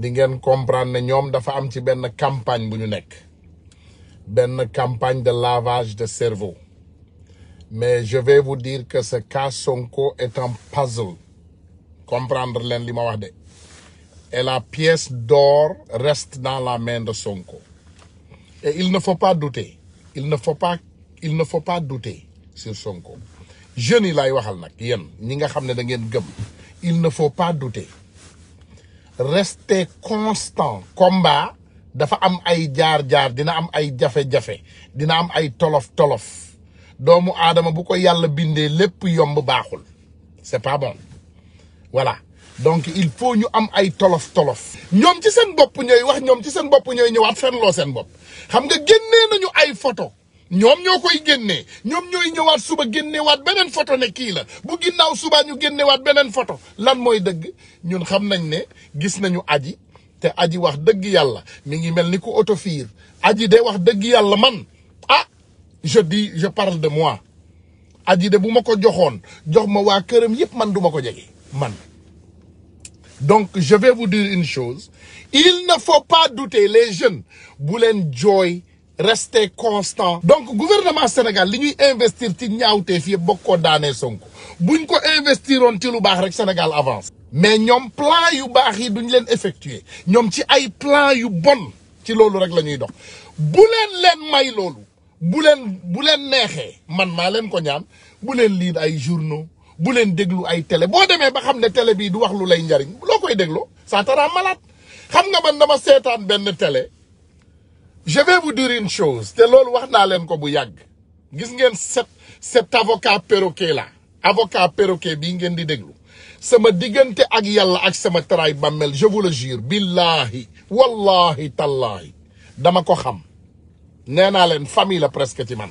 di ngeen comprendre ne ñoom dafa am ci benn campagne bu ñu nekk benn campagne de lavage de cerveau mais je vais vous dire que ce cas Sonko est un puzzle comprendre leen li ma wax de et la pièce d'or reste dans la main de Sonko et il ne faut pas douter il ne faut pas il ne faut douter sur Sonko jeunes yi lay waxal nag yéen ñi nga xam ne da ngeen gëm il ne faut pas douter rester constant combat dafa am ay jaar-jaar dina am ay jafe-jafe dina am ay tolof-tolof doomu aadama bu ko yàlla bindee lépp yomb baaxul c'est pas bon voilà donc il faut ñu am ay tolof-tolof ñoom ci seen bopp ñooy wax ñoom ci seen bopp ñooy ñëwaat fenloo seen bopp xam nga génnee nañu ay photo ñoom ñoo koy génnee ñoom ñooy ñëwaat suba génnewaat beneen foto ne kii la bu ginnaaw subaa ñu génnewaat beneen foto lan mooy dëgg ñun xam nañ ne gis nañu aji te aji wax dëgg yàlla mi ngi mel ni ku oto fiir aji de wax dëgg yàlla man ah je dis je parle de moi aji de bu ma ko joxoon jox ma waa këram yëpp man duma ko jege man donc je vais vous dire une chose il ne faut pas douter les jeunes bu leen jooy rester constant donc gouvernement Sénégal li ñuy investir ci ñaawteef yëpp bokk koo daanee Sonko buñ ko investiroon ci lu baax rek Sénégal avance mais ñoom plan yu baax yi duñ leen effectuer ñoom ci ay plan yu bon ci loolu rek lañuy ñuy dox bu leen leen may loolu bu leen bu leen neexee man maa leen ko ñaan bu leen lire ay journaux bu leen déglu ay tele boo demee ba xam ne télé bii du wax lu lay njariñ loo koy dégloo ça te rend malade xam nga man ma seetaan benn télé je bu vous dire te loolu wax naa leen ko bu yàgg gis ngeen set cet avocat perroquet la avocat perroquet bii ngeen di déglu sama diggante ak yàlla ak sama taraay bàmmeel je vous le jure billahi wallahi dama ko xam nee naa leen famille la presque ci man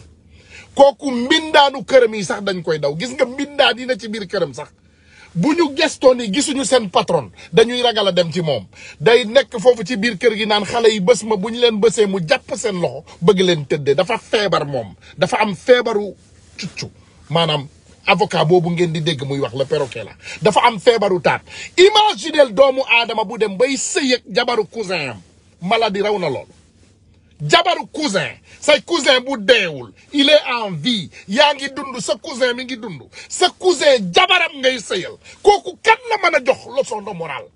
kooku mbindaanu këram yi sax dañ koy daw gis nga mbindaa dina ci biir këram sax bu ñu gestoo ni gisuñu seen patron dañuy ragal a dem ci moom day nekk foofu ci biir kër gi naan xale yi bés ma bu ñu leen bësee mu jàpp seen loxo bëgg leen tëddee dafa feebar moom dafa am feebaru cuccu maanaam avocat boobu ngeen di dégg muy wax la perroquet la dafa am feebaru taat imaginel doomu aadama bu dem bay sëy ak jabaru cousin am maladie raw na lool jabaru cousin say cousin bu deewul il est en vie yaa ngi dund sa cousin mi ngi dund sa cousin jabaram ngay sëyal kooku kan la mën a jox leçon de morale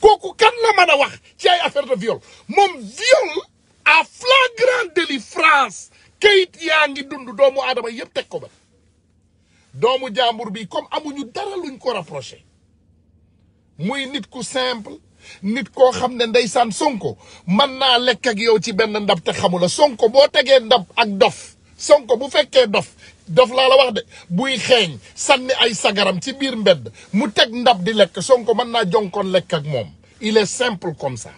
kooku kan la mën a wax ci affaire de viol moom viol à flagrant délit France kayit yaa ngi dund doomu aadama yëpp teg ko ba doomu jàmbur bi comme amuñu dara luñ ko rapproché muy nit ku simple nit koo xam ne ndeysaan sonko mën naa lekk ak yow ci benn ndab te xamula sonko boo tegee ndab ak dof sonko bu fekkee dof dof laa la wax de buy xeeñ sànni ay sagaram ci biir mbedd mu teg ndab di lekk sonko mën naa jonkoon lekk ak moom il est simple comme ça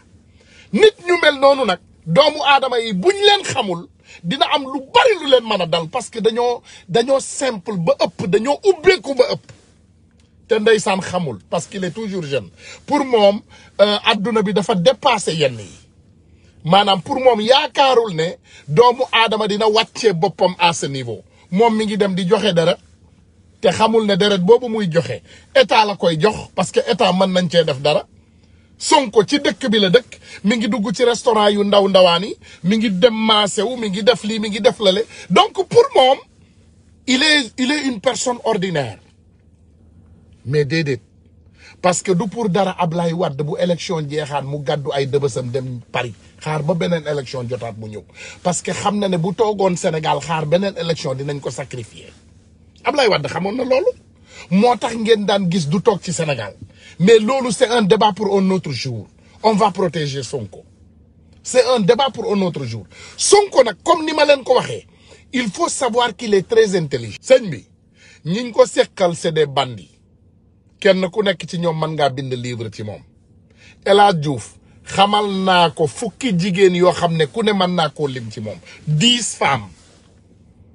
nit ñu mel noonu nag doomu aadama yi buñ leen xamul dina am lu bari lu leen mën a dal parce que dañoo dañoo simple ba ëpp dañoo ubbeeku ba ëpp te ndeysaan xamul parce qu'il est toujours jeune pour moom euh, adduna bi dafa dépassé yenn yi maanaam pour moom yaakaarul ne doomu aadama dina wàccee boppam à ce niveau moom mi ngi dem di joxe dara te xamul ne deret boobu muy joxe état la koy jox parce que état mën nañ cee def dara Sonko ci dëkk bi la dëkk mi ngi dugg ci restaurant yu ndaw ndawaan yi mi ngi dem maasewu mi ngi def lii mi ngi def lale donc pour moom il est il est une personne ordinaire mais déedéet parce que du pour dara Ablaye Wade bu élection jeexaat mu gàddu ay dëbësam dem Paris xaar ba beneen élection jotaat mu ñëw parce que xam na ne bu toogoon Sénégal xaar beneen élection dinañ ko ab Ablaye Wade xamoon na loolu moo tax ngeen daan gis du toog ci Sénégal mais loolu c'est un débat pour un autre jour on va son ko c'est un débat pour un autre jour Sonko nag comme ni ma leen ko waxee il faut savoir qu'il est très intelligent sëñ bi ñiñ ko seqal c'est des bandits kenn ku nekk ci ñoom mën ngaa bind libre ci moom El Hadj xamal naa ko fukki jigéen yoo xam ne ku ne mën naa koo lim ci moom dix femmes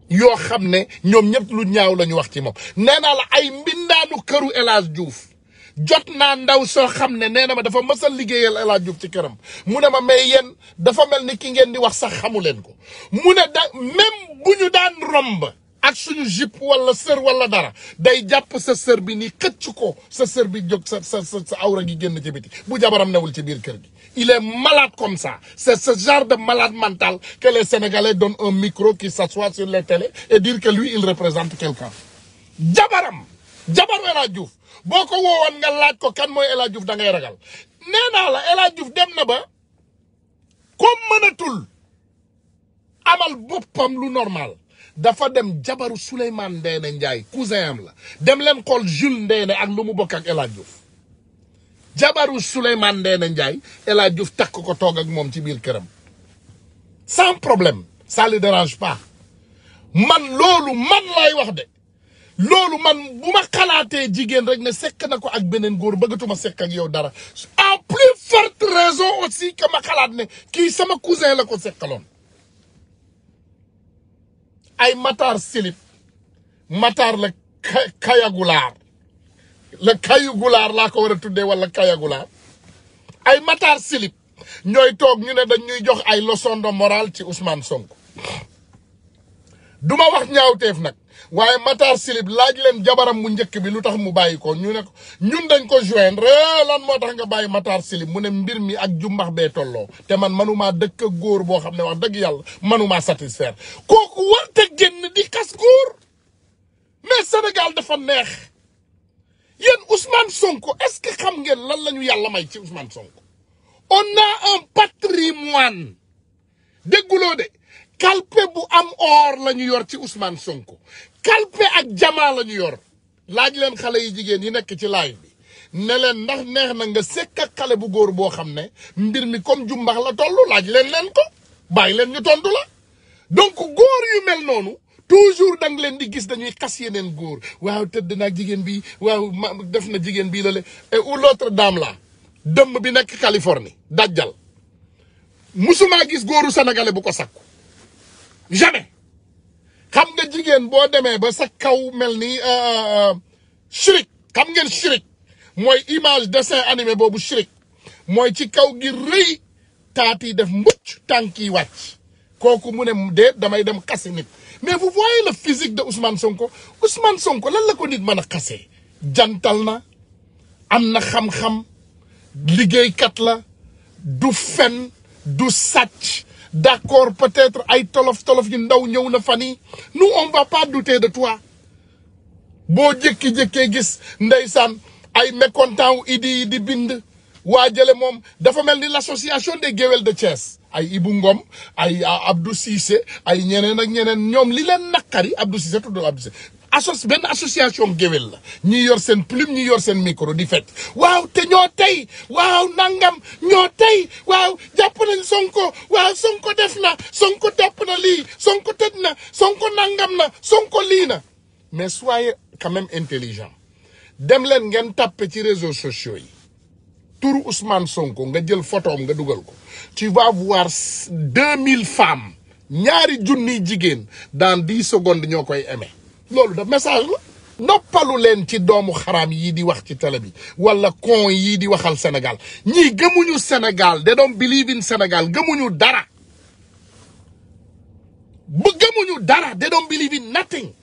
yoo xam ne ñoom ñëpp lu ñaaw la ñu wax ci moom nee naa la ay mbindaanu këru El Hadj jot naa ndaw soo xam ne nee na ma dafa mësal liggéeyal El Hadj ci këram mu ne ma mais yéen dafa mel ni ki ngeen di wax sax xamu leen ko mu ne da même bu ñu daan romb. ak suñu jupe wala sër wala dara day jàpp sa sër bi ni xëcc ko sa sër bi jóg sa sa sa awra gi génn ci bu jabaram newul ci biir kër gi il est malade comme ça c'est ce genre de malade mental que les Sénégalais un micro qui s'assoit sur les télés et dire que lui il représente quelqu'un jabaram jabaru El Hadj boo ko woowoon nga laaj ko kan mooy El Hadj Diouf da ngay ragal nee naa la El Hadj Diouf dem na ba comme mënatul amal boppam lu normal dafa dem jabaru Souleymane Ndéné Ndiaye cousin am la dem leen xool Jules Ndéné ak lu mu bokk ak El jabaru Souleymane Ndéné Ndiaye El Hadj Diouf takk ko toog ak moom ci biir këram sans problème ça le man loolu man lay wax de loolu man bu ma xalaatee jigéen rek ne sekk na ko ak beneen góor bëggatuma sekk ak yow dara en plus forte raison aussi que ma xalaat ne kii sama cousin la ko sekkaloon ay Matar Silif Matar la kayagulaar la kayugulaar laa ko war a tuddee wala kayagulaar ay Matar Silif ñooy toog ñu ne dañ ñuy jox ay leçon de morale ci Ousmane Sonko duma wax ñaawteef nag waaye Matar Silib laaj leen jabaram mu njëkk bi lu tax mu bàyyi ko ñu ne ko ñun dañ ko joindre eh, lan moo tax nga bàyyi Matar Silib mu ne mbir mi ak jumbax bee tolloo te man manumaa dëkk ak góor boo xam ne wax dëgg yàlla manumaa satisfaire kooku warte génn di kas góor mais Sénégal dafa neex yéen Ousmane Sonko est-ce que xam ngeen lan la ñu yàlla may ci Ousmane Sonko on a un patrimoine dégguloo de kalpe bu am or lañu yor ci Ousmane Sonko kalpe ak jamaa la yor laaj leen xale yi jigéen yi nekk ci laaj bi ne leen ndax neex na nga sekk ak xale bu góor boo xam ne mbir mi comme jumbax la toll laaj leen leen ko bàyyi leen ñu tontu la donc góor yu mel noonu toujours da leen di gis dañuy xas yeneen góor waaw tëdd naag jigéen bi waaw ma def na jigéen bii la le et ou dame la dëmm bi nekk Californie dajjal musumaa gis góoru sénégalais bu ko sakku jamais xam nga jigéen boo demee ba sa kaw mel ni chirik euh, euh, euh, xam ngeen chirik mooy image de dessin animé boobu chirik mooy ci kaw gi rëy taat yi def mbucc tànk yi wàcc kooku mu ne dee damay dem xase nit mais vous voyez le physique de Ousmane Sonko Ousmane Sonko lan la ko nit mën a xasee jantal na am na xam-xam liggéeykat la du fen du sàcc d'accord peut-être ay tolof tolof yu ndaw ñëw na fan yi nous on va pas douter de toi boo jékki-jékkee gis ndeysaan ay mécontent wu idi yi di bind waa jële moom dafa mel ni l'association des géwél de Thiès ay ibu Ngom ay a Abdou Cissé ay ñeneen ak ñeneen ñoom li leen naqari Abdou Cissé tuddul Abdou Cissé asos benn association géwél la ñi yor seen plume ñi yor seen micro di fet waaw te ñoo tey waaw nangam ñoo tey waaw jàpp nañ sonko waaw sonko def na sonko jàpp na lii sonko tëj na sonko nangam na sonko lii na mais soyez quand même intelligent dem leen ngeen tàppe ci réseaux sociaux yi turu Ousmane Sonko nga jël photoom nga dugal ko tu vas voir deux mille femmes ñaari junniy jigéen dans di secondes dañoo koy aimé loolu da message la noppalu leen ci doomu xaraam yii di wax ci tele bi walla con yii di waxal senegal ñii gëmuñu Sénégal de doon believe in gëmuñu dara bu gëmuñu dara de doon believe in nothing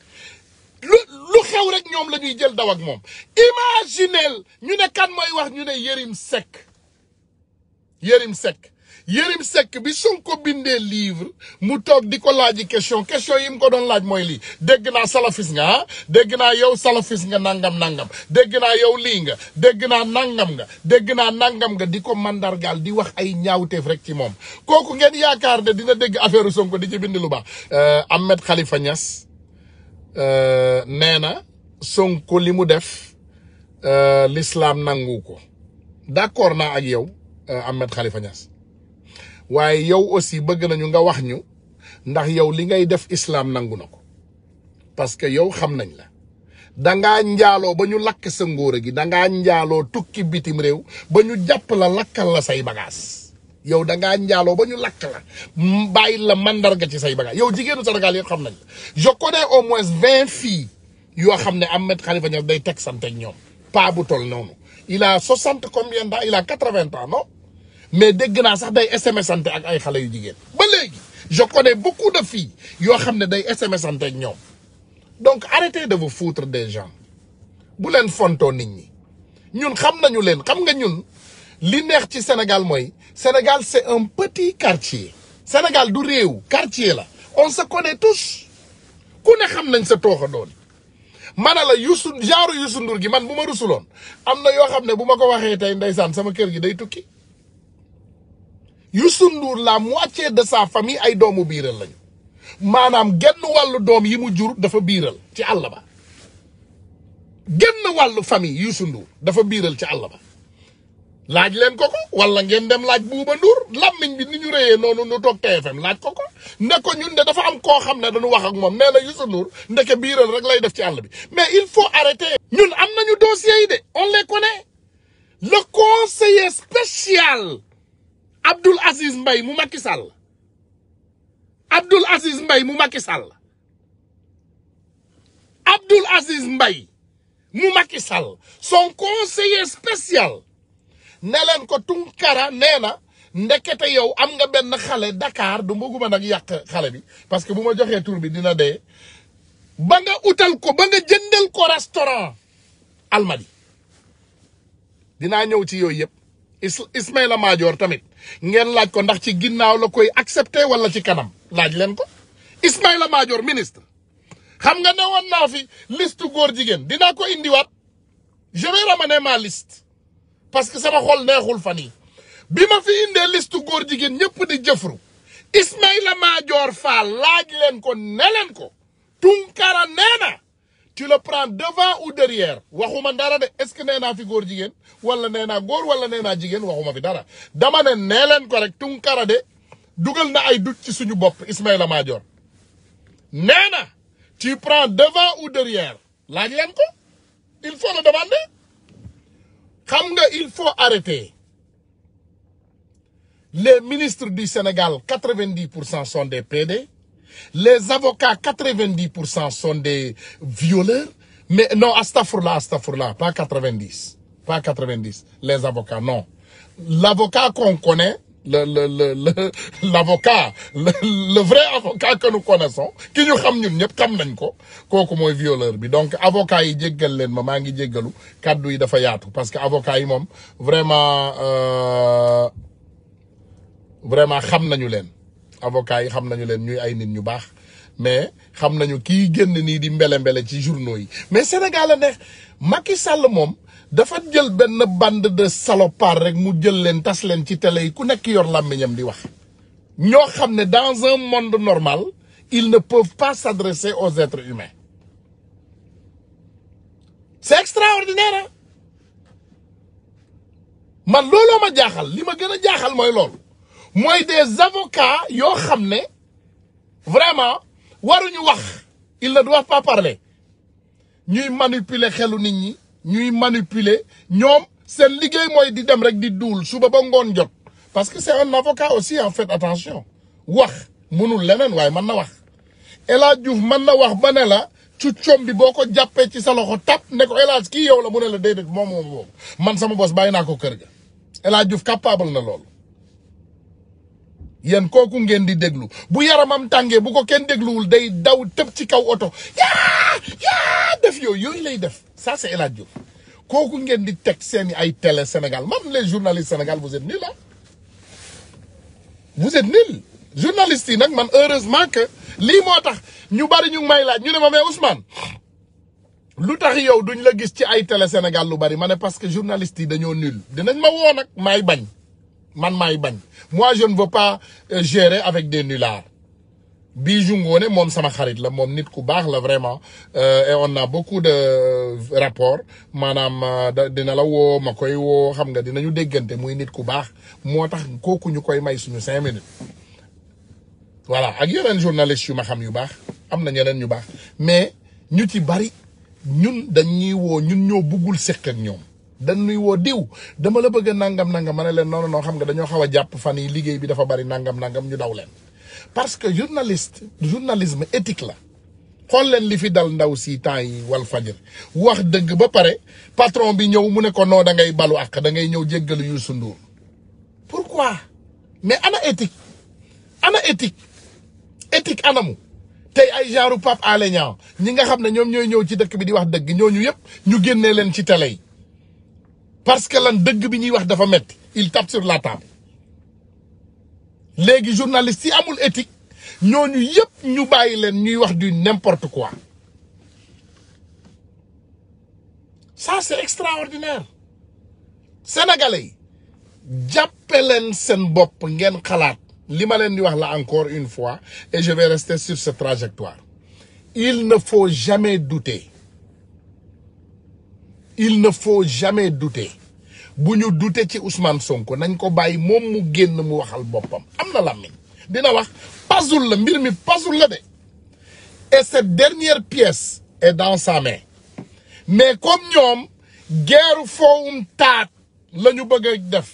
lu lu xew rek ñoom lañuy jël daw ak moom imaginel ñu ne kan mooy wax ñu ne Yérim Seck Yérim Seck Yérim Seck bi ko bindee livre mu toog di ko laaj question question yi mu ko doon laaj mooy lii dégg naa salafis nga ah dégg naa yow salafis nga nangam nangam dégg naa yow lii nga dégg naa nangam nga dégg naa nangam nga di ko mandargal di wax ay ñaawteef rek ci moom kooku ngeen yaakaar ne dina dégg affaire Sonko di ci bindi lu baax euh, Ahmed Khalifa Niass euh, nee na Sonko li mu def euh, l'islam nangu ko d'accord naa ak yow Ahmed Khalifa Niass waaye yow aussi bëgg nañu nga wax ñu ndax yow li ngay def islaam nangu na ko parce que yow xam nañ la dangaa njaaloo ba ñu lakk sa ngóora gi dangaa njaaloo tukki bitim réew ba ñu jàpp la lakkal la say bagaas yow dangaa njaaloo ba ñu lakk la bàyyi la mandarga ci say bagaas yow jigéenu Sénégal yëpp xam nañ la je au moins vingt filles yoo xam ne Ahmed Khalifa Niass day teg sante ñoom pas bu tol noonu il a soixante combien d'ans il a quatre-vingts ans mais dégg naa sax day SMS ante ak ay xale yu jigéen ba léegi je connais beaucoup de filles yoo xam ne day SMS ante ak ñoom donc arrêtez de vous foutre de gens bu leen fontoo nit ñi ñun xam nañu leen xam nga ñun li neex ci Sénégal mooy Sénégal c'est un petit quartier Sénégal du réew quartier la on se connaît tous ku ne xam nañ sa tooxa doon ma ne la Youssou genre Youssou Ndour gi man bu ma rusuloon am na yoo xam ne bu ma ko waxee tey ndeysaan sama kër gi day tukki Youssou Ndour la moitié de sa famille ay doomu biiral lañu maanaam genn wàllu doom yi mu jur dafa biiral ci àll ba genn wàllu famille Youssou Ndour dafa biiral ci àll ba laaj leen ko ko wala ngeen dem laaj Buuba Ndour làmmiñ bi ni ñu rëyee noonu nu toog TFM laaj ko ko ne ko ñun de dafa am koo xam ne dañu wax ak moom nee na Youssou Ndour ndeke biiral rek lay def ci àll bi mais il faut arrêter. ñun am nañu dossiers yi de on les connaît le conseiller spécial. Abdoul Aziz mbay mu makki Sall Abdoul Aziz Mbaye mu makki Sall Abdoul Aziz Mbaye mu Macky Sall son conseiller spécial ne leen ko Tunkara nee na ndekete yow am nga benn xale dakaar du mbëgguma nag yàq xale bi parce que bu ma joxee tur bi dina dee ba nga utal ko ba nga jëndal ko restaurant Almadi dinaa ñëw ci yooyu yëpp Ismaïla Madior tamit ngeen laaj ko ndax ci ginnaaw la koy accepté wala ci kanam laaj leen ko Ismaïla Madior ministre xam nga ne woon naa fi listu góor jigéen dinaa ko indiwaat je vais ramener ma liste parce que sama xol neexul fan yi bi ma fi indee liste góor jigéen ñëpp di jëfru Ismaïla Madior Fall laaj leen ko ne leen ko Tunkara nee na tu le prends devant ou derrière waxuma dara de est-ce que nee naa fi góor jigéen wala nee naa góor wala nee naa jigéen waxuma fi dara dama ne nee leen ko rek Tunkara de dugal na ay doute ci suñu bopp Ismaïla Madior nee na tu prends devant ou derrière laaj leen ko il faut le demander xam nga il faut arrêter les ministres du Sénégal quatre-vingt-dix pour cent sont des PD les avocats 90 pour cent sont des violeurs mais non astafurlah astafurlah pas 90 pas 90 les avocats non l'avocat qu'on connaît le le le vrai avocat que nous connaissons ki ñu xam ñun ñëpp xam nañ ko kooku mooy violeurs bi donc avocat yi jéggal leen ma maa ngi jéggalu kàddu yi dafa yaatu parce que avocat yi moom vraiment euh, vraiment xam nañu leen avocats yi xam nañu leen ñuy ay nit ñu baax mais xam nañu kii génn nii di mbele mbele ci journaux yi mais Sénégal la neex Macky Sall moom dafa jël benn bande de salopards rek mu jël leen tas leen ci tele yi ku nekk yor làmmiñam di wax. ñoo xam ne dans un monde normal ils ne peuvent pas s'adresser aux êtres humains c'est extraordinaire man looloo ma jaaxal li ma gën a jaaxal mooy mooy des avocats yoo xam ne vraiment waruñu wax ils ne wax pas parler ñuy manipuler xelu nit ñi ñuy manipuler ñoom seen liggéey mooy di dem rek di duul suba ba ngoon jot parce que c'est un avocat aussi en fait attention wax mënul leneen waaye mën na wax El Hadj Diouf mën na wax ba ne la cuccoom bi boo ko jàppee ci sa loxo tap ne ko El Hadj kii yow la mu ne la déedéet moom moom man sama bos bàyyi naa ko kër ga El Hadj Diouf capable na lool yéen kooku ngeen di déglu bu yaramam tàngee bu ko kenn dégluwul day daw tëb ci kaw oto yaa yaa def yooyu yooyu lay def ça c'est El Hadj kooku ngeen di teg seeni ay tele Sénégal même les journalistes Sénégal vous êtes nuls ah vous êtes nuls journalistes yi nag man heureusement que lii moo tax ñu bari ñu may laaj ñu ne ma mais Ousmane lu tax yow duñ la gis ci ay tele Sénégal lu bari ma ne parce que journalistes yi dañoo nul dinañ ma woo nag maay bañ. man maay bañ moi je ne veux pas euh, gérer avec des nullards Bijou Ngoné moom sama xarit la moom nit ku baax la vraiment euh, et on na beaucoup de euh, rapport maanaam dina la woo ma koy woo xam nga dinañu déggante muy nit ku baax moo tax kooku ñu koy may suñu cinq minutes voilà ak yeneen journalistes yu ma xam yu baax am na ñeneen ñu baax mais ñu ci bari ñun dañuy woo ñun ñoo buggul sekk ak ñoom dañ nuy woo diw dama la bëgg a nangam nangam ma ne leen noonu noo xam nga dañoo xaw a jàpp fan yi liggéey bi dafa bari nangam nangam ñu daw leen. parce que journaliste journalisme éthique la xool leen li fi dal ndaw si temps yi wal fajir wax dëgg ba pare patron bi ñëw mu ne ko noo da ngay balu ak da ngay ñëw jéggalu Youssou Ndour pourquoi mais ana éthique ana éthique éthique anamu. tey ay genre Pape Alé Niang ñi nga xam ne ñoom ñooy ñëw ci dëkk bi di wax dëgg ñooñu yëpp ñu génnee leen ci télé yi parce que lan dëgg bi ñuy wax dafa metti il tape sur la table léegi journaliste yi amul éthique ñooñu yëpp ñu bàyyi leen ñuy wax du n'importe quoi ça c'est extraordinaire sénégalais yi jàppe leen seen bopp ngeen xalaat li ma leen di wax la encore une fois et je vais rester sur cette trajectoire il ne faut jamais douter il ne faut jamais douter bu ñu douter ci Ousmane Sonko nañ ko bàyyi moom mu génn mu waxal boppam am na làmmiñ dina wax puzzle la mbir mi puzzle la de et cette dernière pièce est dans sa mais comme ñoom guerre foowum taat la ñu bëgg a def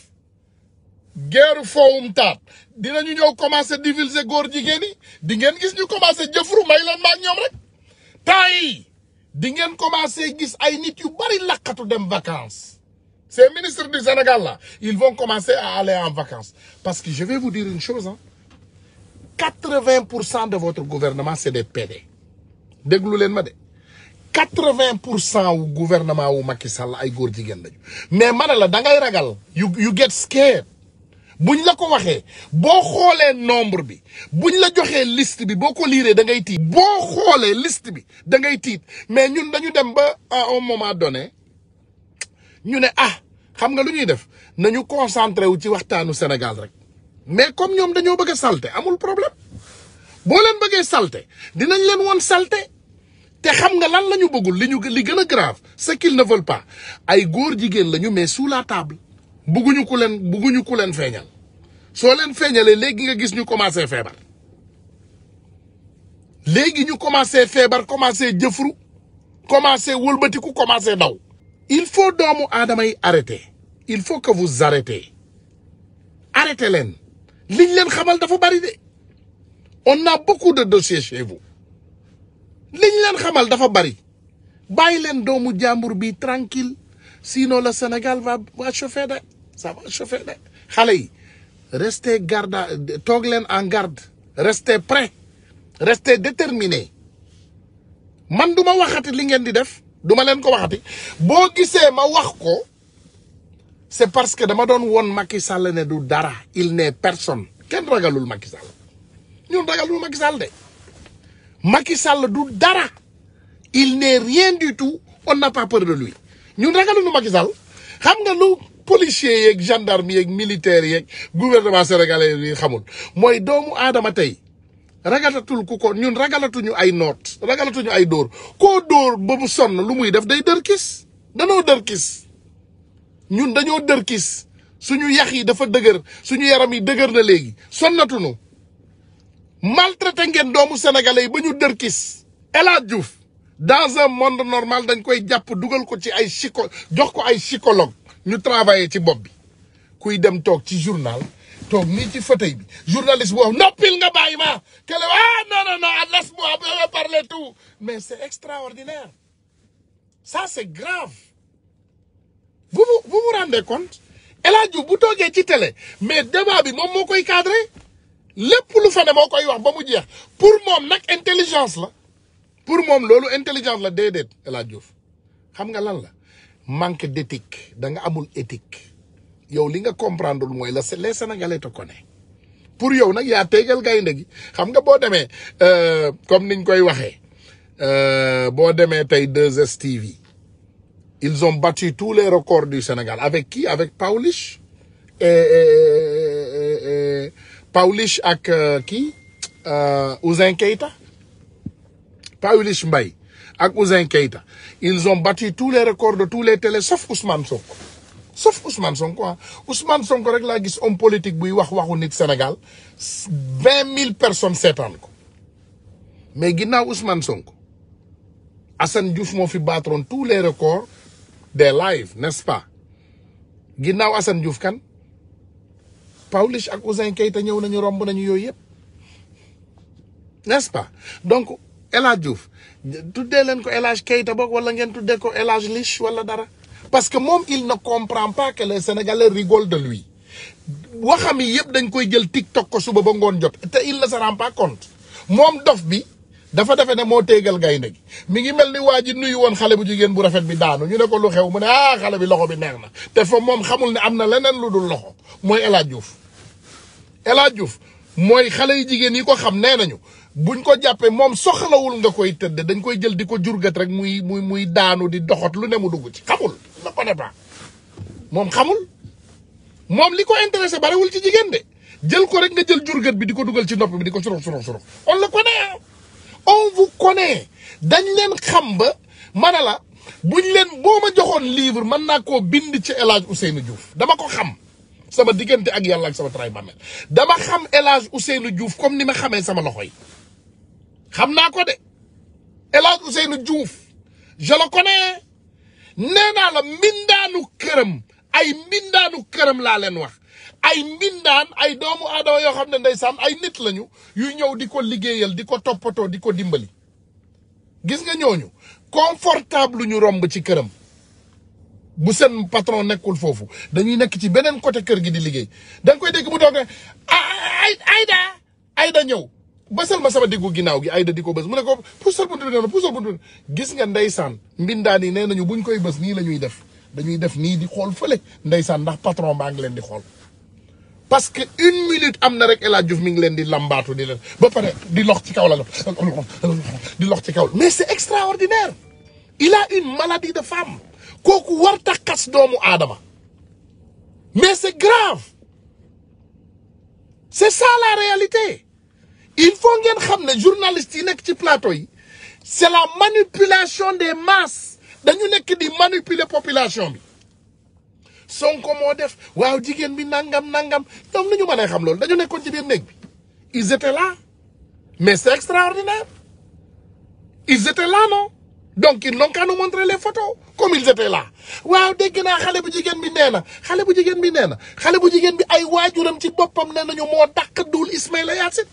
guerre foowum taat dinañu ñëw commencé diviser góor jigéen yi di ngeen gis ñu commencé jëfru may leen maag ñoom rek temps di ngeen commencé gis ay nit yu bari lakkatu dem vacances ces ministres du Sénégal la ils von commencer à aller en vacances parce que je vais vous dire une chose ah quatre-vingt pour cent de votre gouvernement c'est des PD déglu leen ma de quatre-vingt pour cent wu gouvernement wu Macky Sall ay góor jigéen lañu mais ma ne la da ngay ragal you you get scared bu ñu la ko waxee boo xoolee nombre bi bu buñ la joxee list bi boo ko liiree da ngay tiit boo xoolee list bi da ngay tiit mais ñun dañu dem ba à un moment donné ñu ne ah xam nga lu ñuy def nañu concentré wu ci waxtaanu Sénégal rek mais comme ñoom dañoo bëgg a salté amul problème boo leen bëggee salte dinañ leen woon salte te xam nga lan la ñu bëggul li ñu li gën a grave ce qu'ils ne veulent pas ay góor jigéen lañu mais sous la table bugguñu ku leen bugguñu ku leen feeñal soo leen feeñalee léegi nga gis ñu commencé feebar léegi ñu commencé feebar commencé jëfru commencé wëlbatiku commencé daw. il faut doomu aadama yi arrêté il faut que vous arrêtez arrêté leen liñ leen xamal dafa bari de on a beaucoup de dossiers chez vous xamal dafa bari bàyyi leen doomu jàmbur bi tranquille sinon le Sénégal va va chauffer de. ça xale yi restez garde toog leen en garde restez prêts restez déterminés man duma ma waxati li ngeen di def du leen ko waxati boo gisee ma wax ko c'est parce que dama doon woon Macky Sall ne du dara il n'est personne kenn ragalul Macky Sall ñun ragalul Macky Sall de Macky du dara il n'est rien du tout on n'a pas peur de lui ñun ragalul Macky xam nga lu policiers yeeg gendarmes yeeg militaires yeeg gouvernement sénégalais yi xamul mooy doomu aadama tey ragalatul ku ko ñun ragalatuñu ay noot ragalatuñu ay dóor ko dóor ba mu sonn lu muy def day dërkis danoo dërkis ñun dañoo dërkis suñu yax yi dafa dëgër suñu yaram yi dëgër na léegi sonnatuñu maltraité ngeen doomu sénégalais yi ba ñu dërkis El Hadj Diouf dans un monde normal dañ koy jàpp dugal ko ci ay psycho jox ko ay psychologue ñu travailler ci bopp bi kuy dem toog ci journal toog nii ci fauteuil bi journaliste bu wax noppil nga bàyyi ma kele ah non non non ah, laisse-moi parler tout mais c'est extraordinaire ça c'est grave vous vous vous vous rendez compte El Hadj Diouf bu toogee ci télé mais débat bi moom moo koy cadré lépp lu fa ne moo koy wax ba mu jeex pour moom nag intelligence la pour moom loolu intelligence la déedéet El xam nga lan la manque d'éthique da nga amul éthique yow li nga comprendre mooy la les sénégalais te connaît pour yow nag yaa tegal gaynde gi xam nga boo demee euh, comme niñ koy waxee euh, boo demee tey deux stv ils ont battu tous les records du Sénégal avec qui avec Paulish et Paulish ak kii euh, Ouzin Keita Paulish mbay ak Ouzin Keïta ils ont bati tous les records de tous les télés sauf Ousmane Sonko sauf Ousmane Sonko ah Ousmane Sonko rek laa gis homme politique buy wax waxu nit Sénégal vingt mille personnes seetaan ko mais ginnaaw Ousmane Sonko Assane Diouf moo fi battroon tous les records des lives n'est-ce pas ginnaaw Assane Diouf kan Pawlish ak Ouzin Keïta ñëw nañu romb nañu yooyu yëpp nest pas donc El Hadj tuddee leen ko élage Hadj Keita boog wala ngeen tuddee ko El Hadj Lich wala dara parce que moom il na comprend pas que les Sénégalais rigolent de lui waxam yi yëpp dañ koy jël TikTok ko suba ba ngoon jot te il ne se rend compte moom dof bi dafa defe ne moo téegal gaynde gi mi ngi mel ni waa ji woon xale bu jigéen bu rafet bi daanu ñu ne ko lu xew mu ne ah xale bi loxo bi neex na te fa moom xamul ne am na leneen lu dul loxo mooy El Hadj Diouf El Diouf mooy xale yu jigéen yi ko xam nee nañu buñ ko jàppee moom soxlawul nga koy tëdd dañ koy jël di ko jurgat rek muy muy muy daanu di doxat lu ne mu dugg ci xamul la moom xamul moom li ko intéressé barewul ci jigéen de jël ko rek nga jël jurgat bi di ko dugal ci nopp bi di ko surux surux surux on le connaît on vous connaît dañ leen xam ba mana la buñ leen boo ma joxoon livre mën naa koo bind ci El Hadj Ousseynou Diouf dama ko xam sama diggante ak yàlla ak sama tray bàmmeel dama xam El Hadj Ousseynou Diouf comme ni ma xamee sama loxo yi xam naa ko de El Hadj Ousseynou Diouf je le connais nee naa la mbindaanu këram ay mbindaanu këram laa leen wax ay mbindaan ay doomu aadama yoo xam ne ndeysaan ay nit lañu yu ñëw di ko liggéeyal di ko toppatoo di ko dimbali gis nga ñooñu confortable ñu romb ci këram bu seen patron nekkul foofu dañuy nekk ci beneen côté kër gi di liggéey da koy dégg mu doog ay ayda ayda ñëw basal ma sama diggu ginnaaw gi Aïda di ko bës mu ne ko puusal bunt bi gis nga ndeysaan mbindaan yi nee nañu buñ koy bës nii la ñuy def dañuy def nii di xool fële ndeysaan ndax patron baa ngi leen di xool parce que une minute am na rek El Hadj mi ngi leen di lambaatu di leen ba pare di lox ci kaw la di lox ci kaw mais c'est extraordinaire il a une maladie de femme kooku war ta xas doomu aadama mais c'est grave c'est ça la réalité il faut ngeen xam ne journalistes yi nekk ci plateau yi c'est la manipulation des masses dañu nekk di manipuler population bi Sonko moo def waaw jigéen bi nangam nangam ñoom nañu mën a xam loolu dañu nekkoon ci biir néeg bi ils étaient là mais c'est extraordinaire ils étaient là non donc ils n'ont qu'à nous montrer les photos comme ils étaient là waaw dégg naa xale bu jigéen bi nee na xale bu jigéen bi nee na xale bu jigéen bi ay waajuram ci boppam nee nañu moo dàq duul Ismaïla Yacine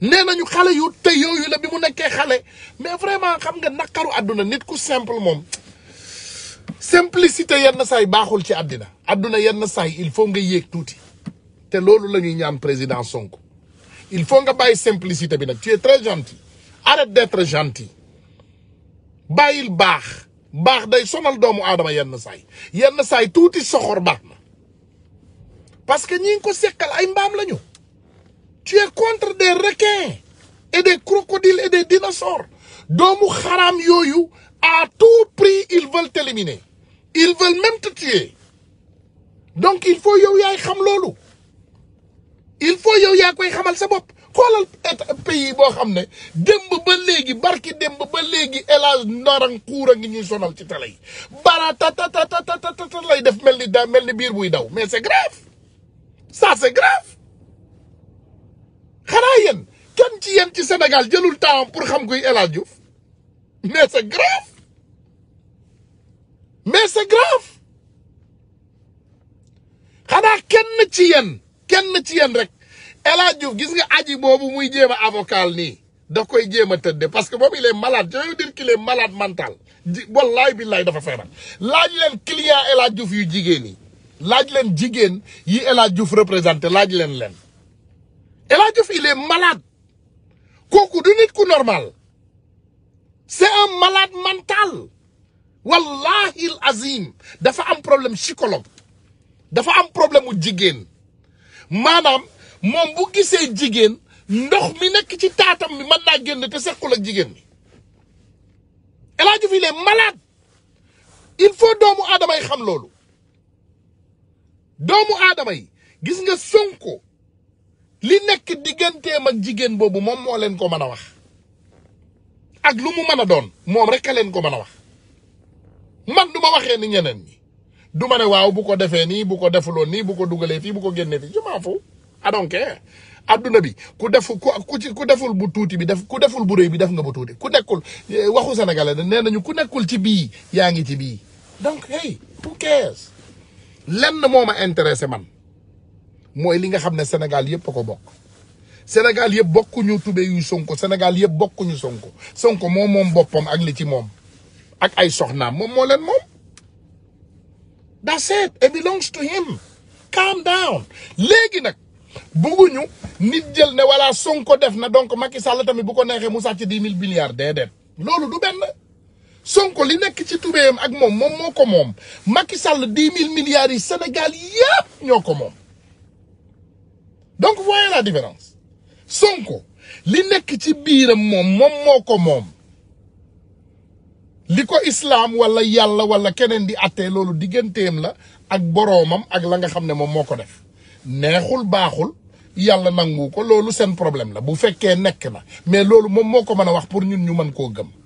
nee nañu xale yu te yooyu la bi mu nekkee xale mais vraiment xam nga naqaru àdduna nit ku simple moom simplicité yenn saay baaxul ci àddina àdduna yenn saay il faut nga yéeg tuuti te loolu la ñuy ñaan président Sonko il faut nga bàyyi simplicité bi nag tu es très gentil arrête d'être gentil bàyyil baax baax day sonal doomu aadama yenn saay yenn saay tuuti soxor baax na parce que ñi ko sekkal ay mbaam lañu tu es contre des requins et des crocodiles et des doomu xaraam yooyu à tout prix ils veulent t'éliminer ils veulent même te donc il faut yow yaay xam loolu il faut yow yaa koy xamal sa bopp xoolal pays boo xam ne démb ba léegi barki démb ba léegi élage narankuur a ngi ñuy sonal ci télé yi baratatatatatatat lay def mel ni daa mel ni biir buy daw mais c'est grave ça c'est grave xanaa yéen kenn ci yéen ci senegal jëlul temps pour xam kuy El Hadj Diouf mais c'est grave mais c'est grave xanaa kenn ci yéen kenn ci yéen rek El Hadj Diouf gis nga yi boobu muy jéem a avocat nii daf koy jéem a tëdde parce que boobu il est malade je veux dire qu'il est malade mental ji wallaay billaay dafa feebar laaj leen client El Hadj Diouf yu jigéen yi laaj leen jigéen yi El Hadj représenté laaj leen leen. El Hadj Diouf il est kooku du nit ku normal c'est un malade mental wallahi al azim dafa am problème psychologue dafa am problème mu jigéen maanaam moom bu gisee jigéen ndox mi nekk ci taatam mi mën naa génn te sequl ak jigéen mi El Hadj Diouf il est il faut doomu aadama yi xam loolu doomu aadama yi gis nga Sonko li nekk digganteem ak jigéen boobu moom moo leen ko mën a wax ak lu mu mën a doon moom rek a leen ko mën a wax man du ma waxee ni ñeneen ñi du ma ne waaw bu ko defee nii bu ko defuloon nii bu ko dugalee fii bu ko génnee fii je m'en fous àdduna bi ku def ku ci ku deful bu tuuti bi def ku deful bu réy bi def nga bu tuuti ku nekkul eh, waxu sénégalais nee nañu ku nekkul ci bii yaa ngi ci bii donc hey who cares lenn moo ma intéressé man. mooy li nga xam ne Sénégal yëpp a ko bokk Sénégal yëpp bokkuñu tube yu Sonko senegal yëpp bokkuñu Sonko Sonko moom moom boppam ak li ci moom ak ay soxnaam moom moo leen moom that's it it belongs to him calm down léegi nag bugguñu nit jël ne wala Sonko def na donc Macky Sall tamit bu ko neexee mu sàcc dix mille milliards déedéet loolu du benn Sonko li nekk ci tubéyam ak moom moom moo ko moom makki sàll dix mille milliards yi senegal yëpp ñoo ko moom donc voyez la différence Sonko li nekk ci biiram moom moom moo ko moom li ko islaam wala yàlla wala keneen di attee loolu digganteem la ak boroomam ak la nga xam ne moom moo ko def neexul baaxul yàlla nangu ko loolu seen problème la bu fekkee nekk na mais loolu moom moo ko mën a wax pour ñun ñu mën koo gëm